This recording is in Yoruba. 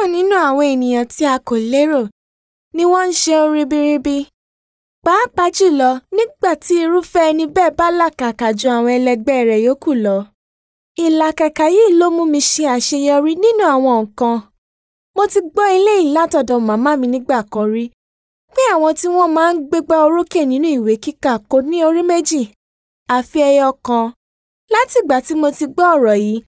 púpọ̀ nínú àwọn ènìyàn tí a kò lérò ni wọ́n ń ṣe ohun ribiribi, pàápàá jùlọ nígbà tí irúfẹ́ ẹni bẹ́ẹ̀ bá làkàkà ju àwọn ẹlẹgbẹ́ rẹ̀ yòókù lọ. Ìlàkàkà yìí ló mú mi ṣe àṣeyọrí nínú àwọn nǹkan. Mo ti gbọ́ eléyìí látọ̀dọ̀ màmá mi nígbà kan rí pé àwọn tí wọ́n máa ń gbégbá orókè nínú ìwé kíkà kò ní orí méjì àfi ẹyọ kan. Látìgbà tí mo ti gbọ́ ọ̀rọ̀ yìí,